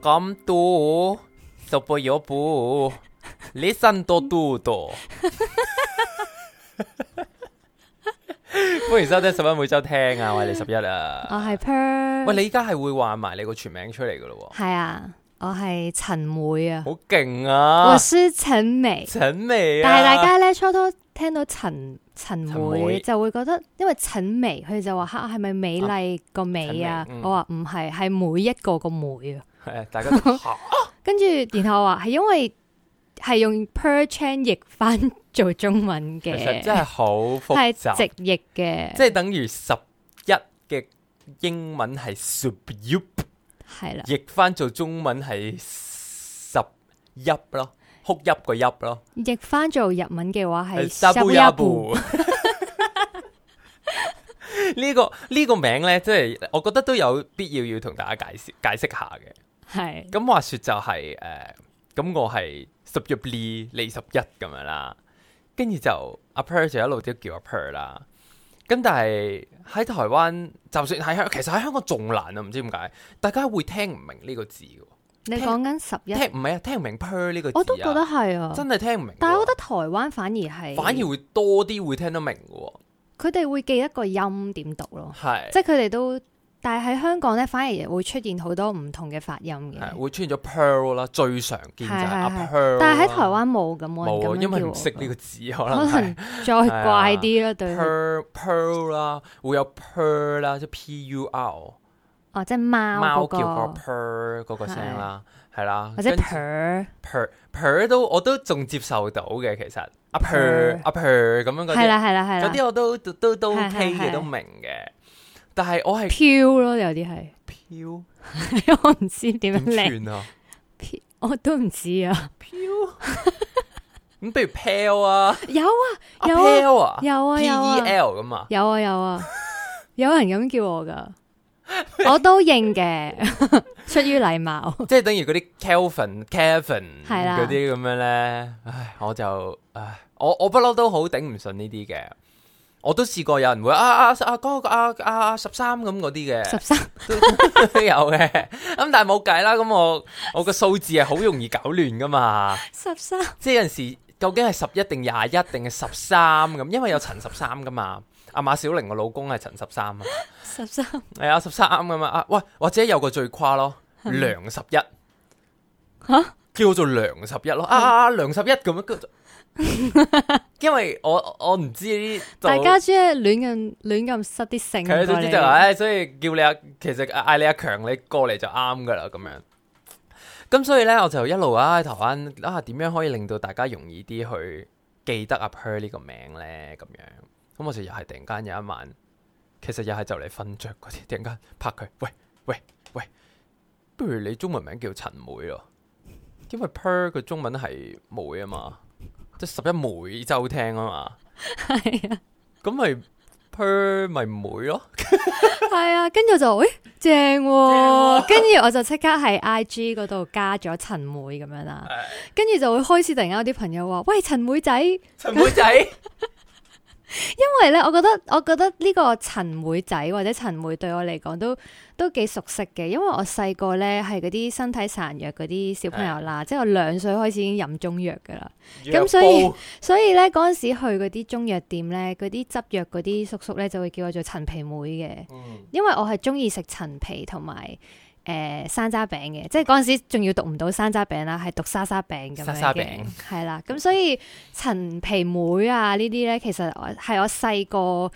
com to so po yo pu listen to to to，歡迎收聽十一每週聽啊！我係李十一啊，我係 Per。喂，你依家係會話埋你個全名出嚟㗎咯？係啊，我係陳梅啊，好勁啊！我是陳梅，陳梅。但係大家咧初初聽到陳陳梅就會覺得，因為陳梅佢哋就話吓係咪美麗個美啊？我話唔係，係每一個個梅啊。誒，大家都吓，跟住然後話係，因為係用 Perchance 譯翻做中文嘅，其實真係好複雜，直譯嘅，即係等於十一嘅英文係 Subup，係啦，譯翻做中文係十一咯，哭泣個泣咯，譯翻做日文嘅話係十一半。呢個呢個名咧，即係我覺得都有必要要同大家介紹解釋下嘅。係咁是話說就係、是、誒，咁、呃、我係十 u b 二十一咁樣、a、一啦，跟住就 a 就一路都叫我 per 啦，咁但係喺台灣就算喺香其實喺香港仲難啊，唔知點解大家會聽唔明呢個字嘅？你講緊十一？唔係啊，聽唔明 per 呢個字、啊、我都覺得係啊，真係聽唔明。但係我覺得台灣反而係反而會多啲會聽得明嘅，佢哋會記一個音點讀咯，係是即係佢哋都。但係喺香港咧，反而會出現好多唔同嘅發音嘅，會出現咗 Pearl 啦，最常見就係 Pearl 啦。但係喺台灣冇咁冇人咁叫。因為唔識呢個字可能。可能再怪啲啦，對。pear Pearl 啦，會有 Pearl 啦，即係 p u r。哦，即係貓貓叫個 pear 嗰個聲啦，係啦。或者 pear Pearl 都我都仲接受到嘅，其實。pear Pearl 咁樣嗰啲係啦係啦係啦，有啲我都都都 ok 嘅，都明嘅。但係我係飄咯，有啲係飄，我唔知點樣嚟。飄我都唔知啊。飄咁，不如飄啊，有啊，有啊，有啊有 P E L 咁啊，有啊，有啊，有人咁叫我噶，我都認嘅，出於禮貌。即係等於嗰啲 Calvin，Calvin 係啦，嗰啲咁樣咧，唉，我就唉，我我不嬲都好頂唔順呢啲嘅。我都試過有人會啊、那個、個啊啊嗰啊啊十三咁嗰啲嘅十三都有嘅，咁但係冇計啦，咁我我個數字係好容易搞亂噶嘛十三，即係有陣時究竟係十一定廿一定係十三咁，因為有陳十三噶嘛，阿馬小玲個老公係陳十三啊，十三係啊十三咁啊，喂或者有個最誇張梁十一叫做梁十一咯，啊梁十一咁樣。 因為我我唔知 都大家即係亂咁亂咁失啲性，係、哎、所以叫你啊，其實嗌你阿強你過嚟就啱噶啦咁樣。咁所以呢，我就一路啊喺台灣啊，點樣可以令到大家容易啲去記得阿、啊、Per 呢個名呢？咁樣。咁我就又係突然間有一晚，其實又係就嚟瞓着嗰啲，突然間拍佢，喂喂喂，不如你中文名叫陳妹咯？因為 Per 個中文係妹啊嘛。即十一妹就聽啊嘛，係是啊，啊，咁咪 per 咪妹咯，係、欸、啊，跟住就誒正，跟住我就即刻喺 I G 嗰度加咗陳妹咁樣啦，跟住、哎、就會開始突然間有啲朋友話，喂陳妹仔，陳妹仔，因為咧，我覺得我覺得呢個陳妹仔或者陳妹對我嚟講都，都幾熟悉嘅，因為我細個呢係嗰啲身體孱弱嗰啲小朋友啦，是的 即係我兩歲開始已經飲中藥嘅啦，咁藥煲 所以所以呢嗰陣時去嗰啲中藥店呢，嗰啲執藥嗰啲叔叔呢就會叫我做陳皮妹嘅，嗯、因為我係中意食陳皮同埋誒山楂餅嘅，即係嗰陣時仲要讀唔到山楂餅啦，係讀沙沙餅咁樣嘅，係沙啦，咁所以陳皮妹啊呢啲呢，其實係我細個。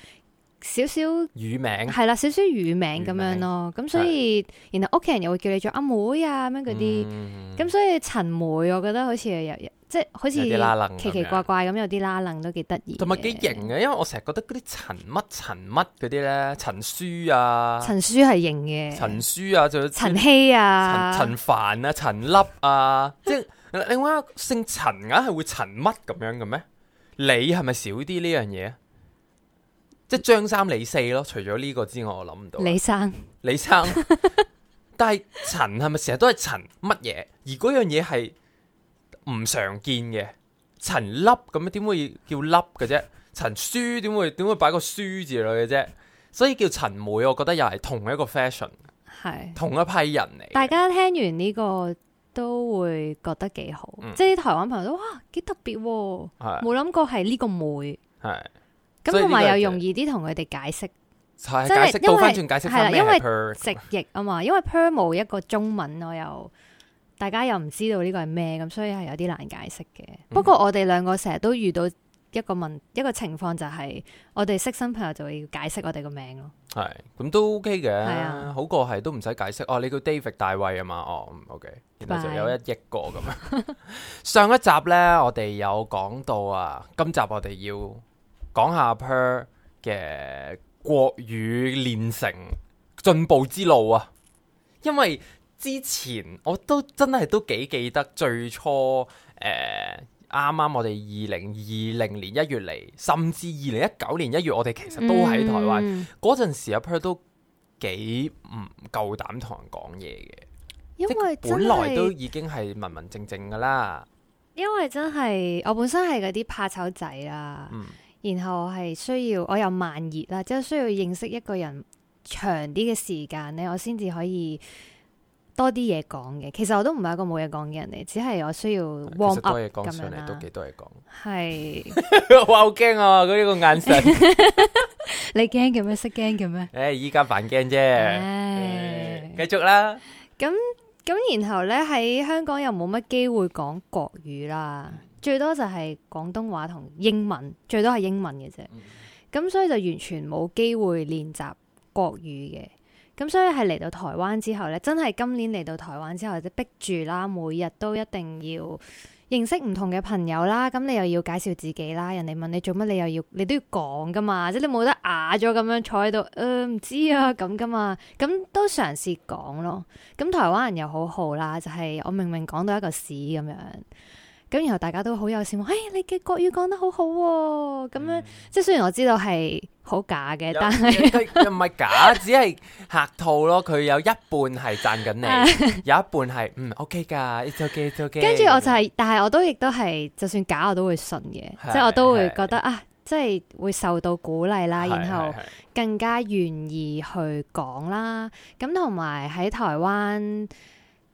少少乳名係啦，少少乳名咁樣咯，咁名所以是然後屋企人又會叫你做阿妹啊咁樣嗰啲，咁、嗯、所以陳梅，我覺得好似又又即係好似奇奇怪怪咁，有啲拉楞都幾得意，同埋幾型嘅，因為我成日覺得嗰啲陳乜陳乜嗰啲咧，陳書啊，陳書係型嘅，陳書啊就陳希啊，陳凡啊，陳粒啊，即係 另外一個姓陳啊，係會陳乜咁樣嘅咩？你係咪少啲呢樣嘢？即係張三李四咯，除咗呢個之外，我諗唔到李生李生，李生 但係陳係咪成日都係陳乜嘢？而嗰樣嘢係唔常見嘅陳粒咁樣，點會叫粒嘅啫？陳書點會點會擺個書字類嘅啫？所以叫陳妹，我覺得又係同一個 fashion，係是同一批人嚟。大家聽完呢、這個都會覺得幾好，嗯、即係啲台灣朋友都哇幾特別，係冇諗過係呢個妹，係。咁同埋又容易啲同佢哋解釋，即係釋以因為係啦，per, 因為直譯啊嘛， 因為 p e r 冇一個中文我又，大家又唔知道呢個係咩，咁所以係有啲難解釋嘅。嗯、不過我哋兩個成日都遇到一個問一個情況，就係我哋識新朋友就會要解釋我哋個名咯。係咁都 OK 嘅，係啊，好過係都唔使解釋。哦，你叫 David 大衛啊嘛，哦，OK，然後就有一億個咁啊。Bye. 上一集咧，我哋有講到啊，今集我哋要。講下阿 Per 嘅國語練成進步之路啊！因為之前我都真係都幾記得最初誒，啱啱我哋二零二零年一月嚟，甚至二零一九年一月，我哋其實都喺台灣嗰陣時，Per 都幾唔夠膽同人講嘢嘅，因為本來都已經係文文正正噶啦。因為真係我本身係嗰啲怕醜仔啦、啊。嗯然後我係需要我又慢熱啦，即係需要認識一個人長啲嘅時間咧，我先至可以多啲嘢講嘅。其實我都唔係一個冇嘢講嘅人嚟，只係我需要汪噏咁樣啦。講上嚟都幾多嘢講，係 哇好驚啊！佢、這、呢個眼神 你，你驚嘅咩？識驚嘅咩？誒，依家扮驚啫，繼、哎、續啦。咁咁然後咧喺香港又冇乜機會講國語啦。嗯最多就係廣東話同英文，最多係英文嘅啫。咁、嗯、所以就完全冇機會練習國語嘅。咁所以係嚟到台灣之後咧，真係今年嚟到台灣之後，即係逼住啦，每日都一定要認識唔同嘅朋友啦。咁你又要介紹自己啦，人哋問你做乜，你又要你都要講噶嘛，即係你冇得啞咗咁樣坐喺度，誒、呃、唔知啊咁噶嘛。咁都嘗試講咯。咁台灣人又好好啦，就係、是、我明明講到一個屎咁樣。咁然後大家都好有羨慕，誒，你嘅國語講得好好，咁樣，即係雖然我知道係好假嘅，但係又唔係假，只係客套咯。佢有一半係讚緊你，有一半係嗯 OK 噶，It's OK，It's OK。跟住我就係，但係我都亦都係，就算假我都會信嘅，即係我都會覺得啊，即係會受到鼓勵啦，然後更加願意去講啦。咁同埋喺台灣。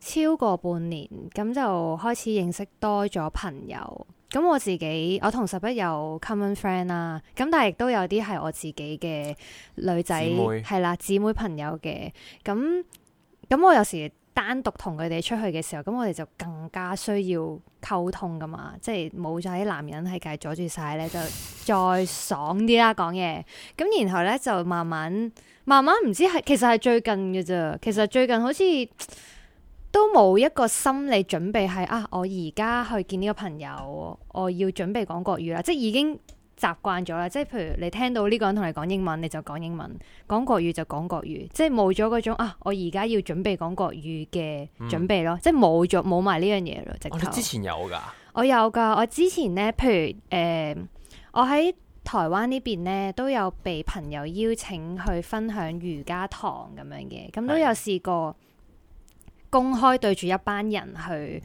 超過半年咁就開始認識多咗朋友。咁我自己，我同拾壹有 common friend 啦、啊。咁但係亦都有啲係我自己嘅女仔，係妹啦姊妹朋友嘅。咁咁我有時單獨同佢哋出去嘅時候，咁我哋就更加需要溝通㗎嘛，即係冇咗啲男人係介阻住晒咧，就再爽啲啦講嘢。咁然後咧就慢慢慢慢唔知係其實係最近嘅啫，其實最近好似。都冇一個心理準備係啊！我而家去見呢個朋友，我要準備講國語啦，即係已經習慣咗啦。即係譬如你聽到呢個人同你講英文，你就講英文；講國語就講國語。即係冇咗嗰種啊！我而家要準備講國語嘅準備咯，嗯、即係冇咗冇埋呢樣嘢咯。我、哦、之前有㗎，我有㗎。我之前呢，譬如誒、呃，我喺台灣呢邊呢，都有被朋友邀請去分享瑜伽堂咁樣嘅，咁都有試過。公開對住一班人去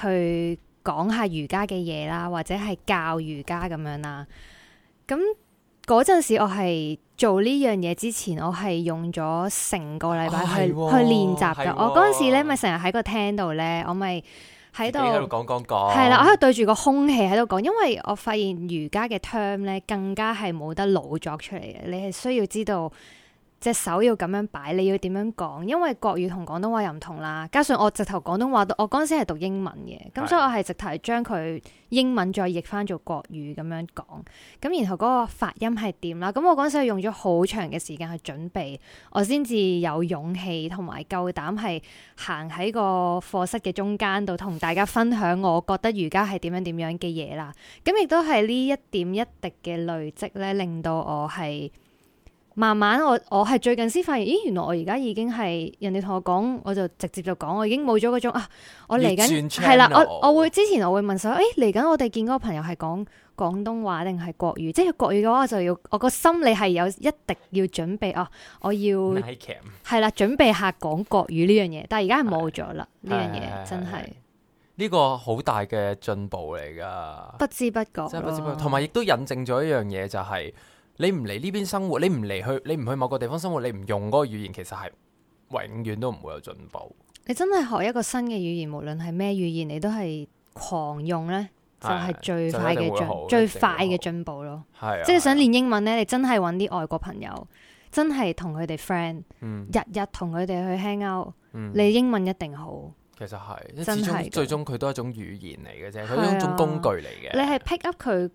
去講下瑜伽嘅嘢啦，或者係教瑜伽咁樣啦。咁嗰陣時，我係做呢樣嘢之前，我係用咗成個禮拜去、哦哦、去練習噶。我嗰陣時咧，咪成日喺個廳度咧，我咪喺度喺度講講講。係啦，我喺度對住個空氣喺度講，因為我發現瑜伽嘅 term 咧更加係冇得老作出嚟嘅，你係需要知道。隻手要咁樣擺，你要點樣講？因為國語同廣東話又唔同啦。加上我直頭廣東話，我嗰時係讀英文嘅，咁的所以我係直頭係將佢英文再譯翻做國語咁樣講。咁然後嗰個發音係點啦？咁我嗰時係用咗好長嘅時間去準備，我先至有勇氣同埋夠膽係行喺個課室嘅中間度同大家分享，我覺得瑜伽係點樣點樣嘅嘢啦。咁亦都係呢一點一滴嘅累積咧，令到我係。慢慢我我係最近先發現，咦，原來我而家已經係，人哋同我講，我就直接就講，我已經冇咗嗰種啊，我嚟緊係啦，我我會之前我會問晒，誒，嚟緊我哋見嗰個朋友係講廣東話定係國語？即係國語嘅話，我就要我個心理係有一定要準備啊，我要係啦 Night Cam.，準備下講國語呢樣嘢，但係而家係冇咗啦，呢樣嘢真係呢、這個好大嘅進步嚟噶不知不覺咯，同埋亦都引證咗一樣嘢就係、是。你唔嚟呢邊生活，你唔嚟去，你唔去某個地方生活，你唔用嗰個語言，其實係永遠都唔會有進步。你真係學一個新嘅語言，無論係咩語言，你都係狂用呢，就係最快嘅進最快嘅進步咯。即係想練英文呢，你真係搵啲外國朋友，真係同佢哋 friend，日日同佢哋去 hang out，你英文一定好。其實係，始終最終佢都係一種語言嚟嘅啫，佢係一種工具嚟嘅。你係 pick up 佢。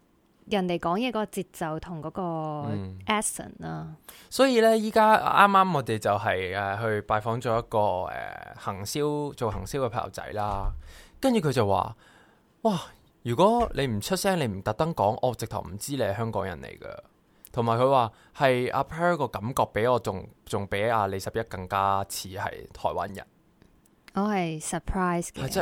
人哋講嘢嗰個節奏同嗰個 accent、嗯、所以呢、就是，依家啱啱我哋就係誒去拜訪咗一個誒、啊、行銷做行銷嘅朋友仔啦，跟住佢就話：哇！如果你唔出聲，你唔特登講，我直頭唔知你係香港人嚟噶。同埋佢話係阿 Per 個感覺比我仲仲比阿李十一更加似係台灣人。我係 surprise 嘅，即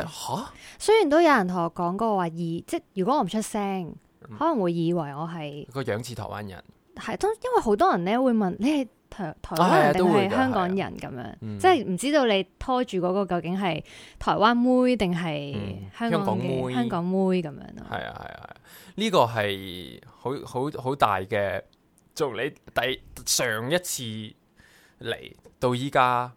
雖然都有人同我講過話二，即如果我唔出聲。可能會以為我係個樣似台灣人，係都因為好多人咧，會問你係台台灣人定係香港人咁樣？啊嗯、即係唔知道你拖住嗰個究竟係台灣妹定係香、嗯、香、香港妹？香港妹咁樣咯、啊，係啊係啊，呢、呢個係好好好大嘅。從你第上一次嚟到依家。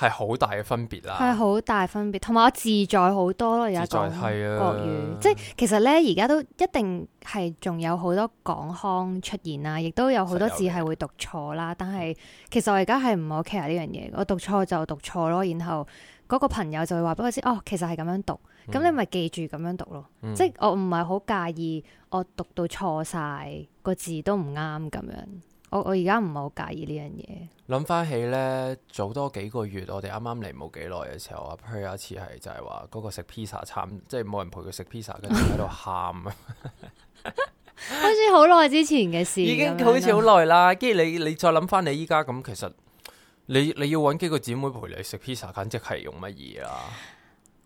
係好大嘅分別啦，係好大分別，同埋我自在好多咯，有一種國語，係係啊、即係其實咧，而家都一定係仲有好多港腔出現啦，亦都有好多字係會讀錯啦。有但係其實我而家係唔好 care 呢樣嘢，我讀錯就讀錯咯。然後嗰個朋友就會話俾我知，哦，其實係咁樣讀，咁你咪記住咁樣讀咯。嗯、即係我唔係好介意我讀到錯晒、個字都唔啱咁樣。我我而家唔係好介意呢樣嘢。諗翻起呢，早多幾個月，我哋啱啱嚟，冇幾耐嘅時候，我譬如有一次係就係話嗰個食 pizza 慘，即係冇人陪佢食 pizza，跟住喺度喊。好似好耐之前嘅事， 已經好似好耐啦。跟住你你再諗翻你依家咁，其實你你要揾幾個姊妹陪你食 pizza，簡直係用乜嘢啦？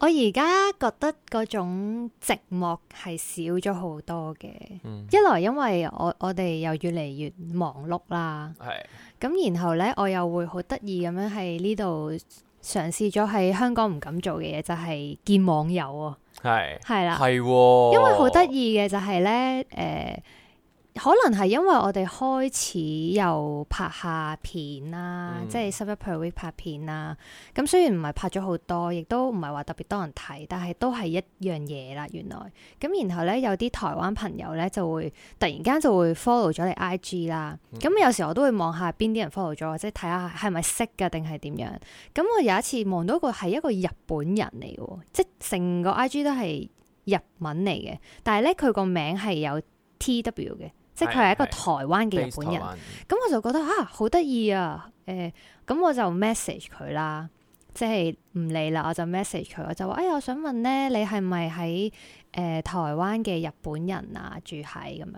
我而家覺得嗰種寂寞係少咗好多嘅，嗯、一來因為我我哋又越嚟越忙碌啦，係咁，然後咧我又會好得意咁樣喺呢度嘗試咗喺香港唔敢做嘅嘢，就係、係、見網友喎，係係啦，係，因為好得意嘅就係咧，誒、呃。可能係因為我哋開始又拍下片啦，嗯、即係十一 per week 拍片啦。咁雖然唔係拍咗好多，亦都唔係話特別多人睇，但係都係一樣嘢啦。原來咁，然後咧有啲台灣朋友咧就會突然間就會 follow 咗你 IG 啦。咁、嗯、有時我都會望下邊啲人 follow 咗，即係睇下係咪識㗎定係點樣。咁我有一次望到個係一個日本人嚟嘅，即係成個 IG 都係日文嚟嘅，但係咧佢個名係有 TW 嘅。即係佢係一個台灣嘅日本人，咁是我就覺得啊好得意啊，誒咁、啊呃、我就 message 佢啦，即係唔理啦，我就 message 佢，我就話：哎呀，我想問咧，你係咪喺誒台灣嘅日本人啊住喺咁樣？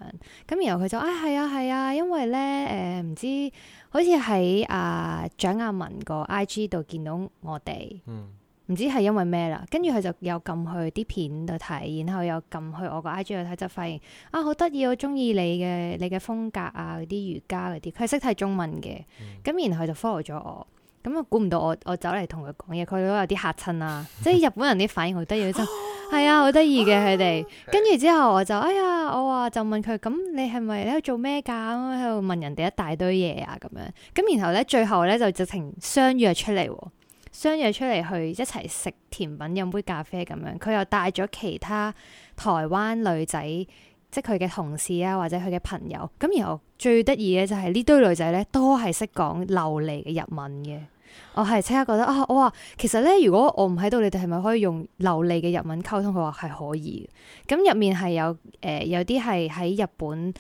咁然後佢就、哎、啊係啊係啊，因為咧誒唔知好似喺阿蔣雅文個 IG 度見到我哋。嗯唔知係因為咩啦，跟住佢就又撳去啲片度睇，然後又撳去我個 IG 度睇，就發現啊好得意，我鍾意你嘅你嘅風格啊，嗰啲瑜伽嗰啲，佢係識睇中文嘅，咁、嗯、然後佢就 follow 咗我，咁我估唔到我我走嚟同佢講嘢，佢都有啲嚇親啊， 即係日本人啲反應好得意，真係 啊好得意嘅佢哋，跟住之後我就哎呀我話就問佢咁你係咪喺度做咩㗎？喺度問人哋一大堆嘢啊咁樣，咁然後咧最後咧就直情相約出嚟。相約出嚟去一齊食甜品、飲杯咖啡咁樣，佢又帶咗其他台灣女仔，即係佢嘅同事啊，或者佢嘅朋友。咁然後最得意嘅就係、是、呢堆女仔咧，都係識講流利嘅日文嘅。我係即刻覺得啊，我、哦、話、哦、其實咧，如果我唔喺度，你哋係咪可以用流利嘅日文溝通？佢話係可以。咁入面係有誒、呃，有啲係喺日本誒、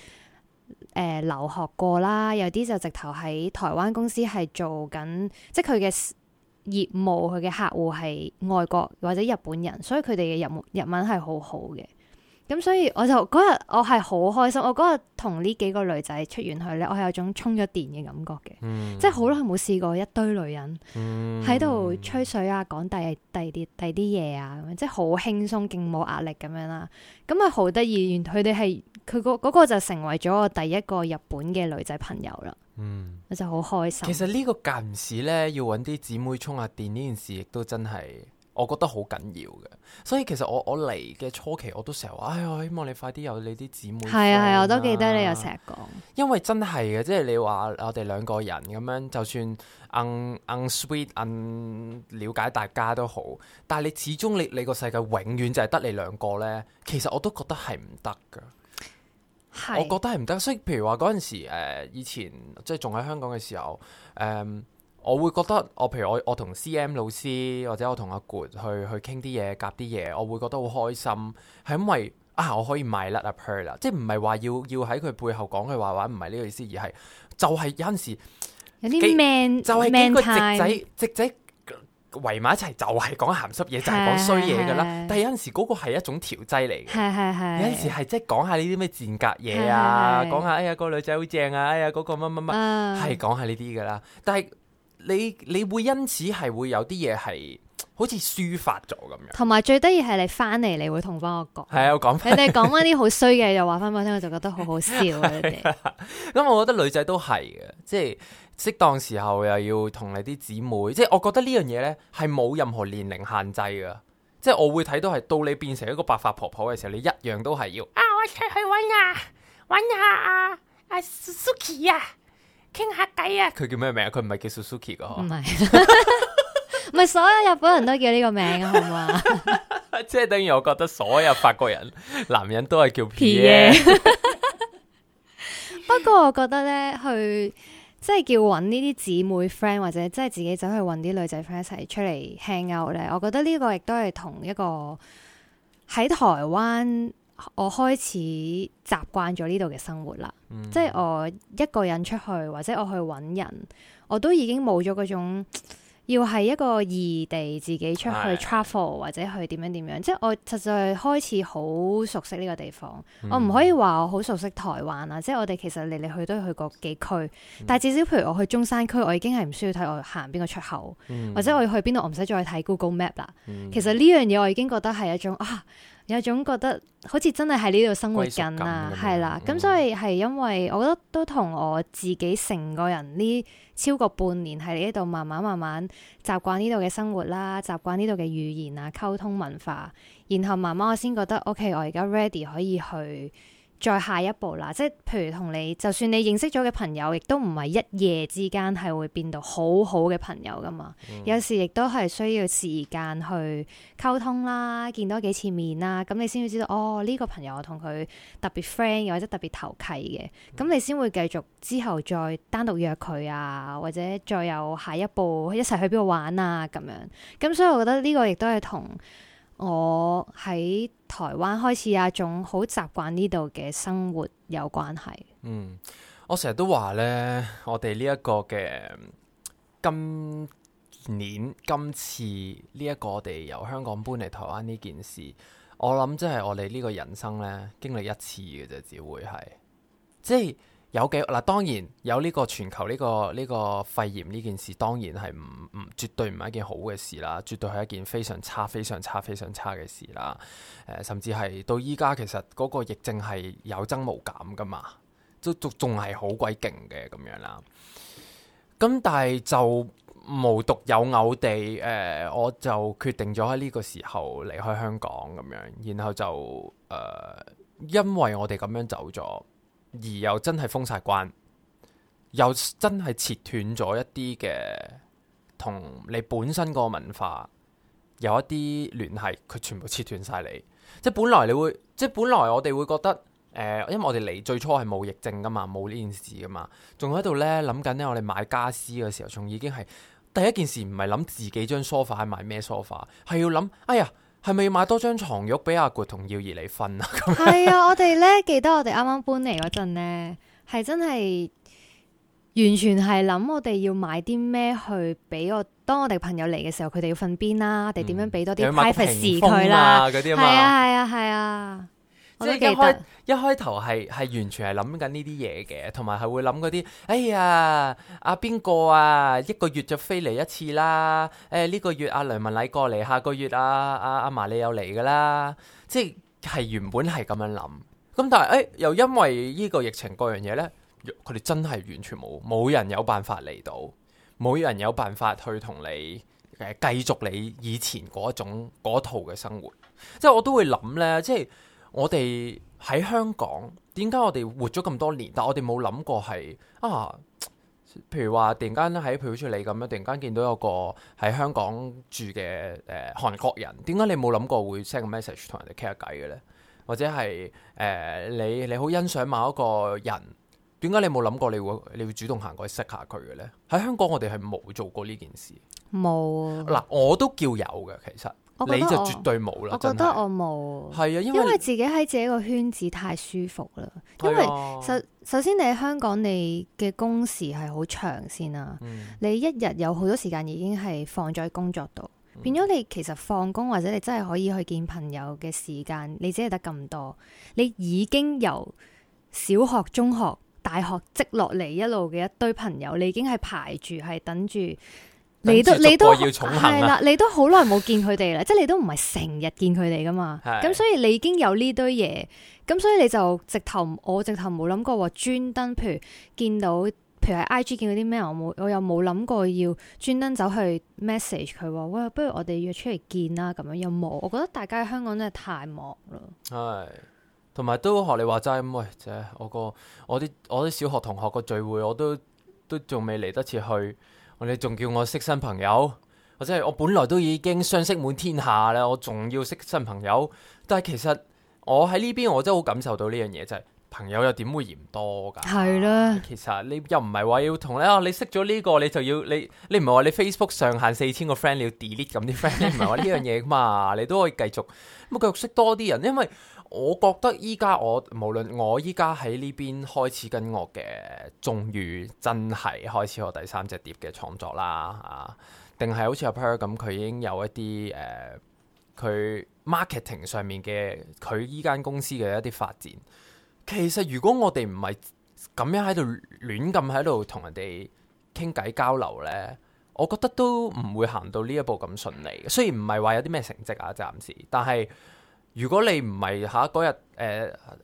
呃、留學過啦，有啲就直頭喺台灣公司係做緊，即係佢嘅。業務，佢嘅客戶係外國或者日本人，所以佢哋嘅日文日文係好好嘅。咁所以我就嗰日我係好開心，我嗰日同呢幾個女仔出完去咧，我係有種充咗電嘅感覺嘅，嗯、即係好耐冇試過一堆女人喺度吹水啊，講第第啲第啲嘢啊，咁即係好輕鬆，勁冇壓力咁樣啦。咁啊好得意，原來佢哋係。佢個嗰個就成為咗我第一個日本嘅女仔朋友啦。嗯，我就好開心。其實呢個間唔時呢，要搵啲姊妹充下電呢件事，亦都真係我覺得好緊要嘅。所以其實我我嚟嘅初期，我都成日話：哎我希望你快啲有你啲姊妹，啊。係啊係啊，我都記得你有成日講。因為真係嘅，即係你話我哋兩個人咁樣，就算 un sweet un, sweet, un 了解，大家都好，但係你始終你你個世界永遠就係得你兩個呢。其實我都覺得係唔得噶。是我覺得係唔得，所以譬如話嗰陣時，呃，以前即係仲喺香港嘅時候，誒我會覺得我譬如我我同 C M 老師或者我同阿 Good 去去傾啲嘢夾啲嘢，我會覺得好開心，係因為啊我可以埋甩入去 e 啦，即係唔係話要要喺佢背後講佢壞話，唔係呢個意思，而係就係有陣時有啲點命，就係見仔直仔。圍埋一齊就係講鹹濕嘢，就係講衰嘢噶啦。就係、係係係但係有陣時嗰個係一種調劑嚟嘅，係係係有陣時係即係講下呢啲咩賤格嘢啊，講下是哎呀、個女仔好正啊，哎呀嗰個乜乜乜係講下呢啲噶啦。但係你你會因此係會有啲嘢係。好似抒發咗咁樣，同埋最得意係你翻嚟，你會同翻我講。係 啊樂，我講。你哋講翻啲好衰嘅，又話翻我聽，我就覺得好好笑啊！你咁我覺得女仔都係嘅，即係適當時候又要同你啲姊妹。即係我覺得呢樣嘢呢，係冇任何年齡限制噶。即係我會睇到係到你變成一個白髮婆婆嘅時候，你一樣都係要啊去去啊啊。啊！我出去搵啊，搵啊啊啊！Suki 啊，傾下偈啊。佢叫咩名？佢唔係叫 Suki 噶。唔係不是。 唔係所有日本人都叫呢個名啊，好嘛？ 即係等於我覺得所有法國人男人都係叫皮耶。不過我覺得咧，去即係叫搵呢啲姊妹 friend 或者即係自己走去搵啲女仔 friend 一齊出嚟 hang out 咧，我覺得呢個亦都係同一個喺台灣，我開始習慣咗呢度嘅生活啦。嗯、即係我一個人出去或者我去搵人，我都已經冇咗嗰種。要係一個異地自己出去 travel 唉或者去點樣點樣，即係我實在開始好熟悉呢個地方。嗯、我唔可以話我好熟悉台灣啦，即係我哋其實嚟嚟去都要去過幾區，嗯、但係至少譬如我去中山區，我已經係唔需要睇我行邊個出口，嗯、或者我要去邊度，我唔使再睇 Google Map 啦。嗯、其實呢樣嘢我已經覺得係一種啊。有種覺得好似真係喺呢度生活緊啊，係啦，咁的、嗯、所以係因為我覺得都同我自己成個人呢超過半年喺呢度慢慢慢慢習慣呢度嘅生活啦，習慣呢度嘅語言啊、溝通文化，然後慢慢我先覺得 OK，我而家 ready 可以去。再下一步啦，即係譬如同你，就算你認識咗嘅朋友，亦都唔係一夜之間係會變到好好嘅朋友噶嘛。嗯、有時亦都係需要時間去溝通啦，見多幾次面啦，咁你先會知道哦呢、呢個朋友我同佢特別 friend，或者特別投契嘅，咁、嗯、你先會繼續之後再單獨約佢啊，或者再有下一步一齊去邊度玩啊咁樣。咁所以我覺得呢個亦都係同。我喺台灣開始一種好習慣呢度嘅生活有關係。嗯，我成日都話呢，我哋呢一個嘅今年今次呢一個我哋由香港搬嚟台灣呢件事，我諗即係我哋呢個人生呢經歷一次嘅啫，只會係即係。有嘅嗱，當然有呢個全球呢、這個呢、這個肺炎呢件事，當然係唔唔絕對唔係一件好嘅事啦，絕對係一件非常差、非常差、非常差嘅事啦。呃、甚至係到依家，其實嗰個疫症係有增無減噶嘛，都仲仲係好鬼勁嘅咁樣啦。咁但係就無獨有偶地，誒、呃，我就決定咗喺呢個時候離開香港咁樣，然後就誒、呃，因為我哋咁樣走咗。而又真係封殺關，又真係切斷咗一啲嘅，同你本身個文化有一啲聯繫，佢全部切斷晒你。即係本來你會，即係本來我哋會覺得，誒、呃，因為我哋嚟最初係冇疫症噶嘛，冇呢件事噶嘛，仲喺度呢諗緊呢，我哋買家私嘅時候，仲已經係第一件事唔係諗自己張梳化 f a 係買咩梳化，f 係要諗，哎呀～係咪要多買多張床褥俾阿冠同耀兒嚟瞓啊？係 啊，我哋咧記得我哋啱啱搬嚟嗰陣咧，係真係完全係諗我哋要買啲咩去俾我，當我哋朋友嚟嘅時候，佢哋要瞓邊啦，我哋點樣俾多啲 private space 啦？啲、嗯、啊，係啊，係啊，係啊。即係開一開頭係係完全係諗緊呢啲嘢嘅，同埋係會諗嗰啲，哎呀，阿邊個啊，一個月就飛嚟一次啦，誒、哎、呢、這個月阿、啊、梁文禮過嚟，下個月阿阿阿嫲你又嚟噶啦，即係原本係咁樣諗，咁但係誒、哎、又因為呢個疫情各樣嘢呢，佢哋真係完全冇冇人有辦法嚟到，冇人有辦法去同你誒繼續你以前嗰種嗰套嘅生活，即係我都會諗呢。即係。我哋喺香港，點解我哋活咗咁多年，但我哋冇諗過係啊？譬如話，突然間喺譬如好似你咁樣，突然間見到有個喺香港住嘅誒、呃、韓國人，點解你冇諗過會 send 一個 message 同人哋傾下偈嘅咧？或者係誒、呃、你你好欣賞某一個人，點解你冇諗過你會你會主動行過去識下佢嘅咧？喺香港我哋係冇做過呢件事，冇，嗱，我都叫有嘅，其實。我覺得我你就絕對冇啦，我覺得我冇。係啊、因為、因為自己喺自己個圈子太舒服啦。是啊、因為首首先你喺香港，你嘅工時係好長先啦、啊。嗯、你一日有好多時間已經係放咗喺工作度，嗯、變咗你其實放工或者你真係可以去見朋友嘅時間，你只係得咁多。你已經由小學、中學、大學積落嚟一路嘅一堆朋友，你已經係排住係等住。你都你都係啦，你都好耐冇見佢哋啦，即係、啊、你都唔係成日見佢哋噶嘛。咁 所以你已經有呢堆嘢，咁所以你就直頭，我直頭冇諗過話專登，譬如見到譬如喺 IG 見到啲咩我冇我又冇諗過要專登走去 message 佢話，喂，不如我哋約出嚟見啦咁樣有冇？我覺得大家喺香港真係太忙啦。係、哎，同埋都學你話齋，喂、嗯哎、姐，我個我啲我啲小學同學個聚會，我都都仲未嚟得切去。你仲叫我識新朋友，或者係我本來都已經相識滿天下啦，我仲要識新朋友，但係其實我喺呢邊我真係好感受到呢樣嘢，就係、是。朋友又點會嫌多㗎？係啦， 其實你又唔係話要同你啊。你識咗呢個你就要你你唔係話你 Facebook 上限四千個 friend 你要 delete 咁啲 friend，你唔係話呢樣嘢嘛，你都可以繼續咁、嗯、繼續識多啲人，因為我覺得依家我無論我依家喺呢邊開始跟我嘅終於真係開始我第三隻碟嘅創作啦，啊，定係好似阿 Per 咁，佢已經有一啲誒佢、啊、marketing 上面嘅佢依間公司嘅一啲發展。其實如果我哋唔係咁樣喺度亂咁喺度同人哋傾偈交流呢，我覺得都唔會行到呢一步咁順利。雖然唔係話有啲咩成績啊，暫時。但係如果你唔係吓嗰日誒誒，口、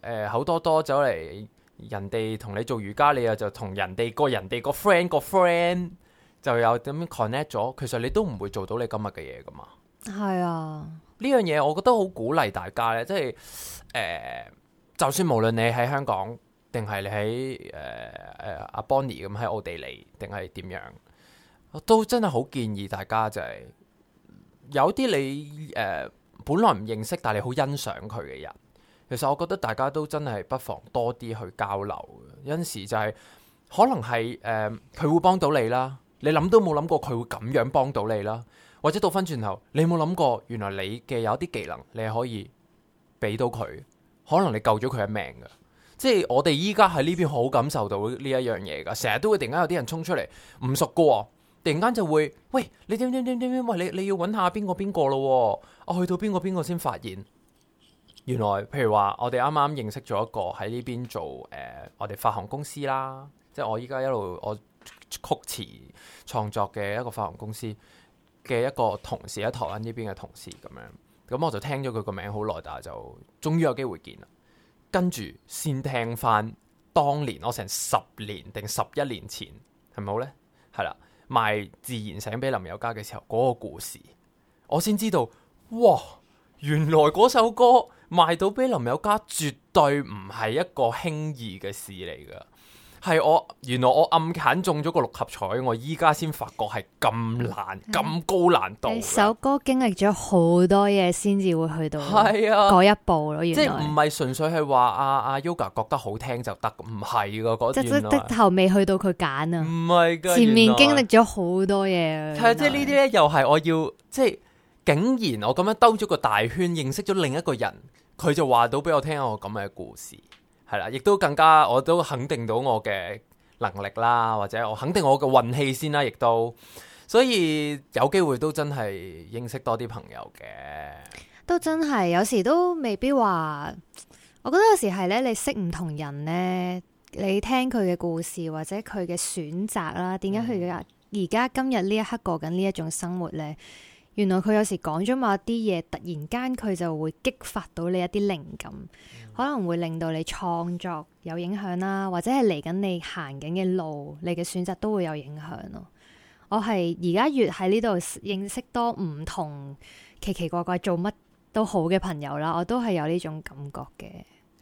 呃呃、多多走嚟，人哋同你做瑜伽，你又就同人哋個人哋個 friend 個 friend 就有咁 connect 咗，其實你都唔會做到你今日嘅嘢噶嘛。係啊，呢樣嘢我覺得好鼓勵大家呢，即係誒。呃就算無論你喺香港，定係你喺誒誒阿 Bonnie 咁喺奧地利，定係點樣，我都真係好建議大家就係有啲你誒、呃、本來唔認識，但係你好欣賞佢嘅人，其實我覺得大家都真係不妨多啲去交流。有陣時就係可能係誒佢會幫到你啦，你諗都冇諗過佢會咁樣幫到你啦，或者到翻轉頭你冇諗過，原來你嘅有啲技能你係可以俾到佢。可能你救咗佢嘅命噶，即係我哋依家喺呢邊好感受到呢一樣嘢噶，成日都會突然間有啲人衝出嚟，唔熟噶，突然間就會，喂，你點點點點點，喂，你你要揾下邊個邊個咯，我去到邊個邊個先發現，原來譬如話我哋啱啱認識咗一個喺呢邊做誒、呃，我哋發行公司啦，即係我依家一路我曲詞創作嘅一個發行公司嘅一個同事喺台灣呢邊嘅同事咁樣。咁我就聽咗佢個名好耐，但係就終於有機會見啦。跟住先聽翻當年我成十年定十一年前係咪好呢？係啦，賣自然醒俾林宥嘉嘅時候嗰個故事，我先知道，哇！原來嗰首歌賣到俾林宥嘉，絕對唔係一個輕易嘅事嚟噶。係我原來我暗揀中咗個六合彩，我依家先發覺係咁難咁是高難度。首歌經歷咗好多嘢先至會去到係啊嗰一步咯。啊、來即係唔係純粹係話阿、啊、阿、啊、Yoga 覺得好聽就得，唔係噶嗰段。頭未去到佢揀啊，唔係前面經歷咗好多嘢。係啊，即係呢啲咧，又係我要即係竟然我咁樣兜咗個大圈，認識咗另一個人，佢就話到俾我聽我咁嘅故事。係啦，亦都更加，我都肯定到我嘅能力啦，或者我肯定我嘅運氣先啦、啊，亦都，所以有機會都真係認識多啲朋友嘅，都真係有時都未必話，我覺得有時係咧，你識唔同人咧，你聽佢嘅故事或者佢嘅選擇啦，點解佢而家今日呢一刻過緊呢一種生活咧？原來佢有時講咗某一啲嘢，突然間佢就會激發到你一啲靈感。可能會令到你創作有影響啦，或者係嚟緊你行緊嘅路，你嘅選擇都會有影響咯。我係而家越喺呢度認識多唔同奇奇怪怪做乜都好嘅朋友啦，我都係有呢種感覺嘅。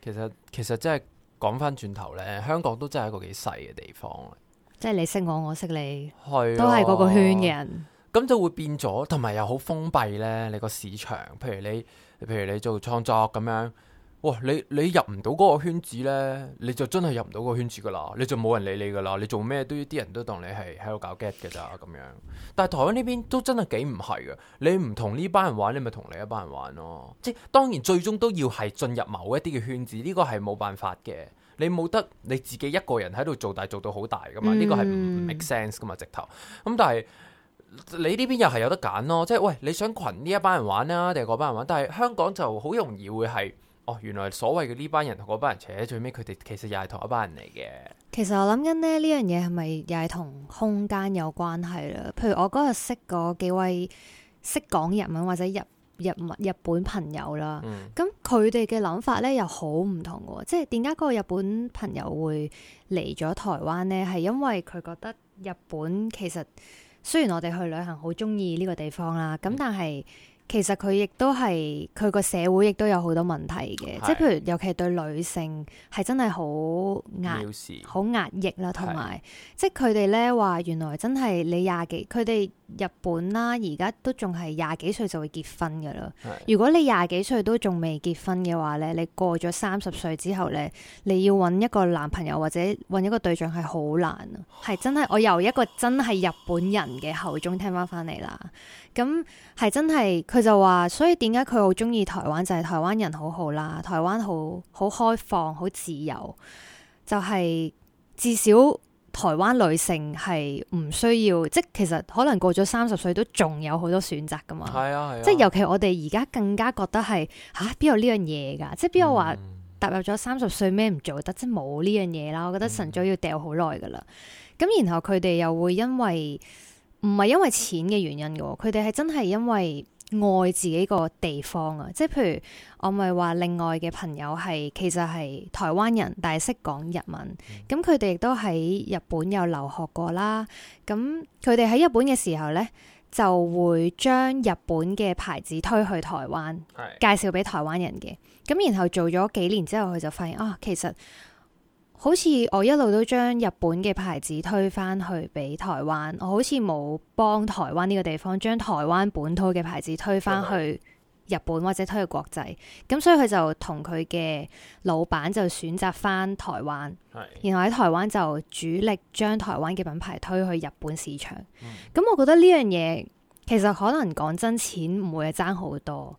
其實其實真係講翻轉頭咧，香港都真係一個幾細嘅地方，即係你識我，我識你，係都係嗰個圈嘅人，咁就會變咗，同埋又好封閉咧。你個市場，譬如你譬如你做創作咁樣。哇！你你入唔到嗰個圈子呢，你就真係入唔到個圈子噶啦，你就冇人理你噶啦，你做咩都啲人都當你係喺度搞 get 嘅咋咁樣。但係台灣呢邊都真係幾唔係嘅，你唔同呢班人玩，你咪同你一班人玩咯。即係當然最終都要係進入某一啲嘅圈子，呢個係冇辦法嘅。你冇得你自己一個人喺度做大，做到好大噶嘛？呢、嗯、個係唔 make sense 噶嘛，直頭。咁、嗯、但係你呢邊又係有得揀咯，即係喂你想群呢一班人玩啦、啊，定係嗰班人玩？但係香港就好容易會係。哦，原來所謂嘅呢班人同嗰班人扯，最尾佢哋其實又係同一班人嚟嘅。其實我諗緊咧，呢樣嘢係咪又係同空間有關係啦？譬如我嗰日識嗰幾位識講日文或者日日日本朋友啦，咁佢哋嘅諗法咧又好唔同嘅，即係點解個日本朋友會嚟咗台灣呢？係因為佢覺得日本其實，雖然我哋去旅行好中意呢個地方啦，咁但係其實佢亦都係佢個社會亦都有好多問題嘅，是即係譬如尤其對女性係真係好壓好了事 壓抑啦，同埋是即係佢哋咧話原來真係你廿幾，佢哋日本啦而家都仲係廿幾歲就會結婚噶啦。是如果你廿幾歲都仲未結婚嘅話咧，你過咗三十歲之後咧，你要揾一個男朋友或者揾一個對象係好難啊，係真係、哦、我由一個真係日本人嘅口中聽翻翻嚟啦，咁係真係佢。佢就話：，所以點解佢好鍾意台灣，就係、是、台灣人好好啦，台灣好好開放、好自由。就係、是、至少台灣女性係唔需要，即其實可能過咗三十歲都仲有好多選擇㗎嘛。係啊，係啊。即尤其我哋而家更加覺得係吓，邊有呢樣嘢㗎？即係邊有話踏入咗三十歲咩唔做得？即冇呢樣嘢啦。我覺得神早要掉好耐㗎啦。咁、嗯、然後佢哋又會因為唔係因為錢嘅原因㗎喎，佢哋係真係因為。愛自己個地方啊！即係譬如我咪話另外嘅朋友係其實係台灣人，但係識講日文。咁佢哋亦都喺日本有留學過啦。咁佢哋喺日本嘅時候呢，就會將日本嘅牌子推去台灣，介紹俾台灣人嘅。咁然後做咗幾年之後，佢就發現啊、哦，其實～好似我一路都將日本嘅牌子推返去俾台灣，我好似冇幫台灣呢個地方將台灣本土嘅牌子推返去日本或者推去國際，咁所以佢就同佢嘅老闆就選擇返台灣，然後喺台灣就主力將台灣嘅品牌推去日本市場，咁我覺得呢樣嘢其實可能講真錢唔會係爭好多。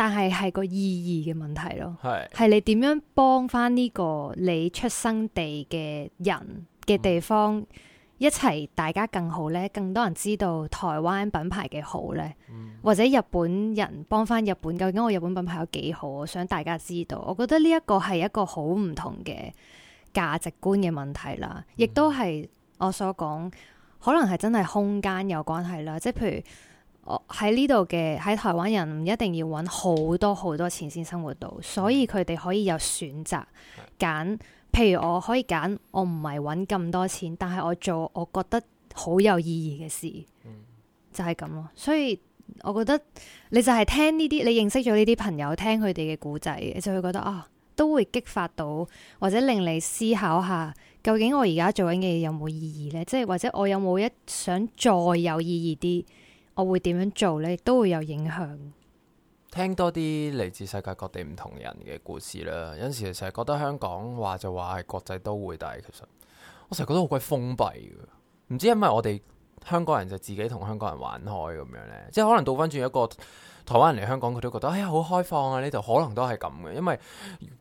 但係係個意義嘅問題咯，係，係你點樣幫返呢個你出生地嘅人嘅地方一齊，大家更好呢？更多人知道台灣品牌嘅好呢？或者日本人幫返日本，究竟我日本品牌有幾好？我想大家知道，我覺得呢一個係一個好唔同嘅價值觀嘅問題啦，亦都係我所講，可能係真係空間有關係啦，即係譬如。喺呢度嘅喺台灣人，唔一定要揾好多好多錢先生活到，所以佢哋可以有選擇揀。譬如我可以揀，我唔係揾咁多錢，但係我做我覺得好有意義嘅事，就係咁咯。所以我覺得你就係聽呢啲，你認識咗呢啲朋友，聽佢哋嘅故仔，你就會覺得啊，都會激發到，或者令你思考下，究竟我而家做緊嘅嘢有冇意義呢？即係或者我有冇一想再有意義啲？我會點樣做呢？都會有影響。聽多啲嚟自世界各地唔同人嘅故事啦。有陣時成日覺得香港話就話係國際都會，但係其實我成日覺得好鬼封閉噶。唔知因為我哋香港人就自己同香港人玩開咁樣呢，即係可能倒翻轉一個台灣人嚟香港，佢都覺得哎呀好開放啊！呢度可能都係咁嘅，因為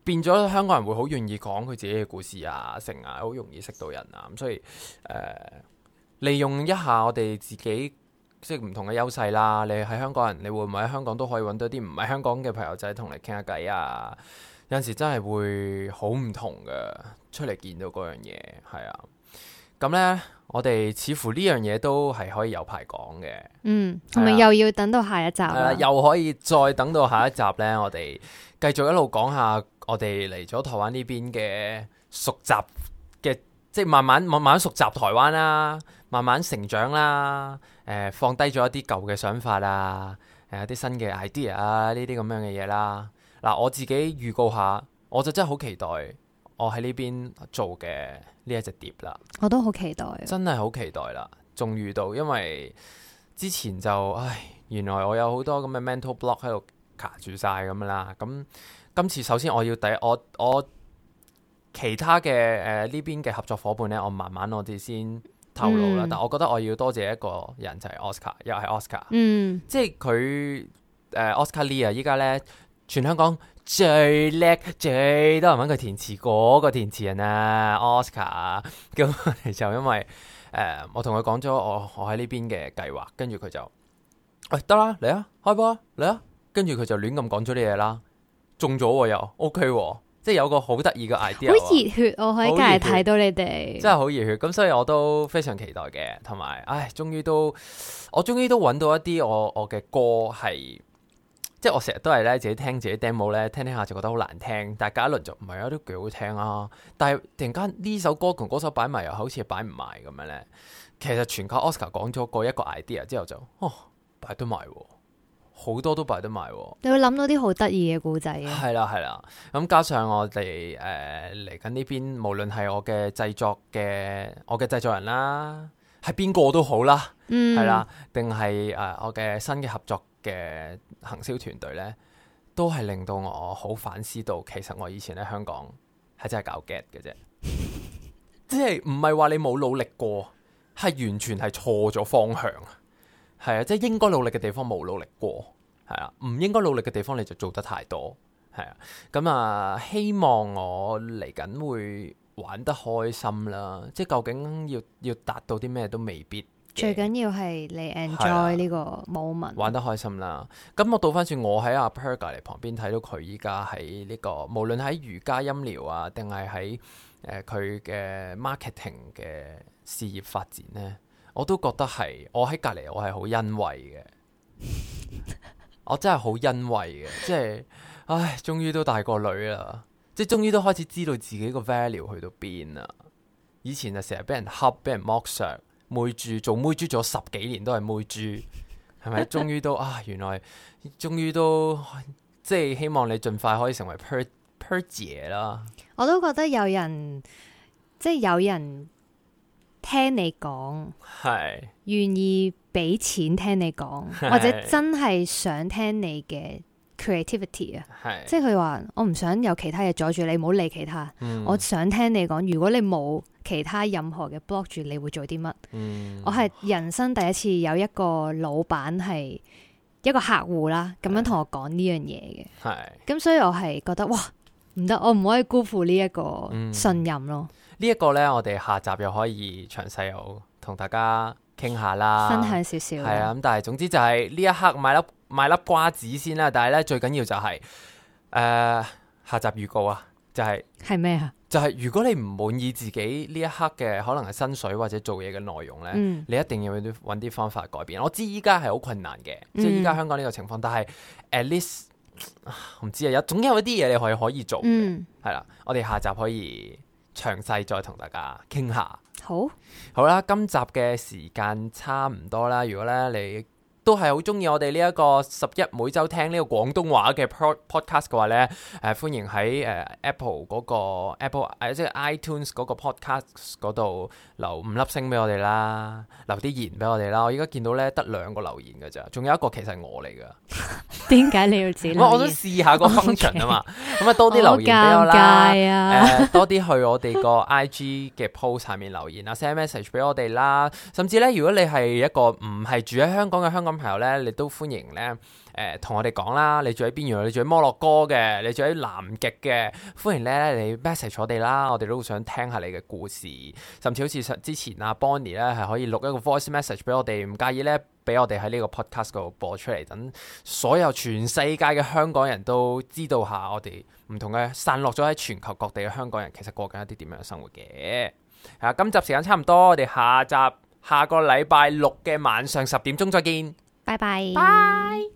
變咗香港人會好願意講佢自己嘅故事啊，成日好容易識到人啊。咁所以誒、呃，利用一下我哋自己。即係唔同嘅優勢啦，你係香港人，你會唔會喺香港都可以揾到啲唔係香港嘅朋友仔同你傾下偈啊？有陣時真係會好唔同嘅，出嚟見到嗰樣嘢係啊。咁呢，我哋似乎呢樣嘢都係可以有排講嘅。嗯，我哋、啊、又要等到下一集、啊，又可以再等到下一集呢。我哋繼續一路講下我哋嚟咗台灣呢邊嘅熟習嘅，即係慢慢慢慢熟習台灣啦，慢慢成長啦。誒、呃，放低咗一啲舊嘅想法啊，誒、呃，一啲新嘅 idea 啊，呢啲咁樣嘅嘢啦。嗱、啊，我自己預告下，我就真係好期待我喺呢邊做嘅呢一隻碟啦。我都好期待，真係好期待啦。仲遇到，因為之前就，唉，原來我有好多咁嘅 mental block 喺度卡住晒咁啦。咁今次首先我要第一，我我其他嘅誒呢邊嘅合作伙伴呢，我慢慢我哋先。透露啦，嗯、但我覺得我要多謝一個人就係 Oscar，又係 Oscar，嗯，即係佢、呃、Oscar Lee 啊！依家咧，全香港最叻、最多人揾佢填詞嗰個填詞人啊！Oscar，咁 就因為誒、呃、我同佢講咗我我喺呢邊嘅計劃，跟住佢就，喂，得啦，嚟、欸、啊，開波嚟啊，跟住佢就亂咁講咗啲嘢啦，中咗又 OK 喎。即係有個好得意嘅 idea，好熱血，我可以隔日睇到你哋，真係好熱血。咁所以我都非常期待嘅，同埋，唉，終於都，我終於都揾到一啲我我嘅歌係，即係我成日都係呢，自己聽自己 demo 呢，聽聽下就覺得好難聽，但係隔一輪就唔係啊，都幾好聽啊，但係突然間呢首歌同歌手擺埋又好似擺唔埋咁樣呢。其實全靠 Oscar 講咗過一個 idea 之後就，哦，擺得埋喎。好多都擺得埋，你會諗到啲好得意嘅故仔啊！係啦，係啦，咁加上我哋誒嚟緊呢邊，無論係我嘅製作嘅，我嘅製作人啦，係邊個都好啦，嗯，係啦，定係誒我嘅新嘅合作嘅行銷團隊呢，都係令到我好反思到，其實我以前喺香港係真係搞 get 嘅啫，即係唔係話你冇努力過，係完全係錯咗方向。係啊，即係應該努力嘅地方冇努力過，係啊，唔應該努力嘅地方你就做得太多，係啊。咁、嗯、啊，希望我嚟緊會玩得開心啦。即係究竟要要達到啲咩都未必。最緊要係你 enjoy 呢個 moment，啊，玩得開心啦。咁我倒翻轉，我喺阿 Perger 旁邊睇到佢依家喺呢個，無論喺瑜伽音療啊，定係喺誒佢、呃、嘅 marketing 嘅事業發展咧。我都覺得係，我喺隔籬，我係好欣慰嘅， 我真係好欣慰嘅，即係，唉，終於都大個女啦，即係終於都開始知道自己個 value 去到邊啦。以前啊，成日俾人恰，俾人剝削，妹豬做妹豬做咗十幾年都係妹豬，係咪？ 終於都啊，原來，終於都即係希望你盡快可以成為 perper 姐啦。我都覺得有人，即係有人。聽你講，係願是意俾錢聽你講，是或者真係想聽你嘅 creativity 啊，是即係佢話我唔想有其他嘢阻住你，唔好理其他，嗯、我想聽你講。如果你冇其他任何嘅 block 住，你會做啲乜？嗯、我係人生第一次有一個老闆係一個客戶啦，咁樣同我講呢樣嘢嘅，係咁是所以我係覺得哇，唔得，我唔可以辜負呢一個信任咯。嗯呢一個呢，我哋下集又可以詳細好同大家傾下啦，分享少少係啊。咁但係總之就係呢一刻買粒買粒瓜子先啦。但係呢，最緊要就係、是、誒、呃、下集預告啊，就係係咩啊？就係如果你唔滿意自己呢一刻嘅可能係薪水或者做嘢嘅內容呢，嗯、你一定要去揾啲方法改變。我知依家係好困難嘅，即係依家香港呢個情況。但係 at least 唔知啊，有總有一啲嘢你可以可以做。係啦、嗯，我哋下集可以。詳細再同大家傾下。好，好啦，今集嘅時間差唔多啦。如果呢你，都係好中意我哋呢一個十一每週聽呢個廣東話嘅 podcast 嘅話呢，誒、呃、歡迎喺誒、呃、Apple 嗰、嗰個 Apple 即係 iTunes 嗰個 podcast 嗰度留五粒星俾我哋啦，留啲言俾我哋啦。我而家見到呢得兩個留言㗎咋，仲有一個其實我嚟噶，點解你要剪？ 我想試下個 function 啊 Okay, 嘛？咁、嗯、啊多啲留言俾我啦，啊、 多啲去我哋個 IG 嘅 post 下面留言啊，send message 俾我哋啦。甚至呢，如果你係一個唔係住喺香港嘅香港，朋友咧，你都、嗯、歡迎咧，誒、呃，同我哋講啦，你住喺邊？原來你住喺摩洛哥嘅，你住喺南極嘅，歡迎咧，你 message 我哋啦，我哋都想聽下你嘅故事。甚至好似之前阿、啊、Bonnie 咧，係可以錄一個 voice message 俾我哋，唔介意咧，俾我哋喺呢個 podcast 度播出嚟，等所有全世界嘅香港人都知道下我哋唔同嘅散落咗喺全球各地嘅香港人，其實過緊一啲點樣嘅生活嘅。啊、嗯，今集時間差唔多，我哋下集下個禮拜六嘅晚上十點鐘再見。拜拜。